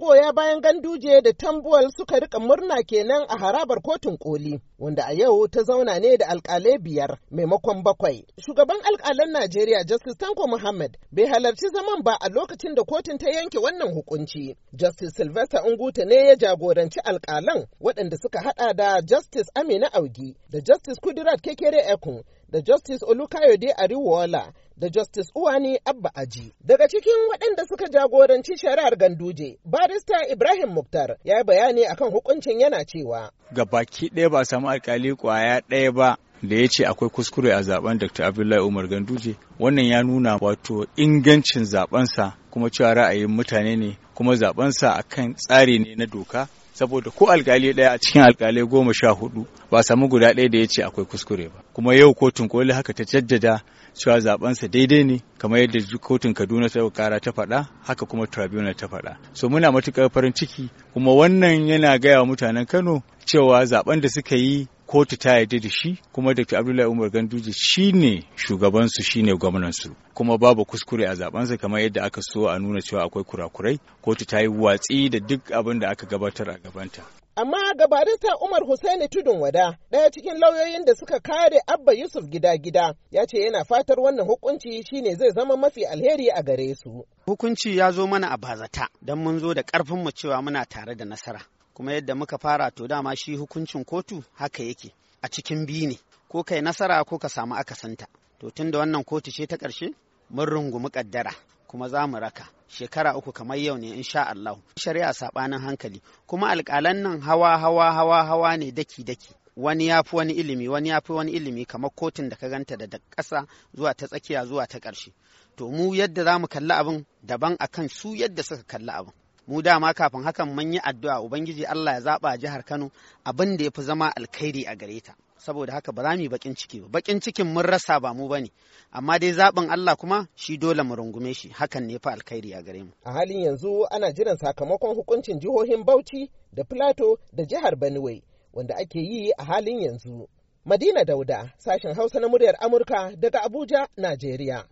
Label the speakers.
Speaker 1: magoya bayan ganduje da tambuwal suka rika murna kenan a harabar kotun koli wanda a yau ta zauna ne da alkalai biyar maimakon bakwai shugaban alkalan najeriya justice tanko muhammad bai halarci zaman ba a lokacin da kotun ta yanke wannan hukunci justice sylvester unguta ne ya jagoranci alkalan waɗanda suka hada da justice amina augi da justice kudirat kekere ekun da Justice Olukayode Ariwola da Justice Uwani Abba Aji. Daga cikin waɗanda suka jagoranci shari'ar Ganduje, barista Ibrahim Muktar ya yi bayani akan hukuncin yana cewa.
Speaker 2: Ga baki ɗaya ba samu alkali kwaya ɗaya ba da ya ce akwai kuskure a zaben Dr. Abdullahi Umar Ganduje. Wannan ya nuna wato ingancin zabensa kuma cewa ra'ayin mutane ne kuma zabensa akan tsari ne na doka saboda ko alkali ɗaya a cikin alkalai goma sha hudu ba samu guda ɗaya da ya ce akwai kuskure ba kuma yau kotun koli haka ta jaddada cewa zabensa daidai ne kamar yadda kotun kaduna ta kara ta faɗa haka kuma tribunal ta faɗa so muna matukar farin ciki kuma wannan yana gaya wa mutanen kano cewa zaben da suka yi kotu ta yarda da shi kuma dr abdullahi umar ganduje ne shugabansu shi ne gwamnansu kuma babu kuskure a zabansa kamar yadda aka so a nuna cewa akwai kurakurai kotu ta yi watsi da duk abin da aka gabatar a gabanta
Speaker 1: amma gabarista Umar Hussaini Tudun Wada, ɗaya cikin lauyoyin da suka kare Abba Yusuf gida-gida, ya ce yana fatar wannan hukunci shine zai zama mafi
Speaker 3: alheri a gare su. Hukunci ya zo mana a bazata, don mun zo da mu cewa muna tare da nasara. kuma yadda muka fara to dama shi hukuncin kotu haka yake a cikin biyu ne ko kai nasara ko ka samu akasinta to tun da wannan kotu ce ta ƙarshe mun rungumi ƙaddara kuma za mu raka shekara uku kamar yau ne insha Allah shari'a saɓanin hankali kuma alƙalan nan hawa hawa hawa hawa ne daki daki wani ya fi wani ilimi wani ya fi wani ilimi kamar kotun da ka ganta da ƙasa zuwa ta tsakiya zuwa ta ƙarshe to mu yadda za mu kalli abin daban akan su yadda suka kalli abin mu dama kafin hakan mun yi addu'a ubangiji Allah ya zaba jihar Kano abin da ya fi zama alkhairi a gare ta saboda haka ba za mu yi bakin ciki ba bakin cikin mun rasa ba mu bane amma dai zaɓin Allah kuma shi dole mu rungume shi hakan ne fa alkhairi a gare mu a halin yanzu ana jiran sakamakon hukuncin jihohin
Speaker 1: Bauchi da Plateau da jihar Benue wanda ake yi a halin yanzu Madina Dauda sashen Hausa na muryar Amurka daga Abuja Najeriya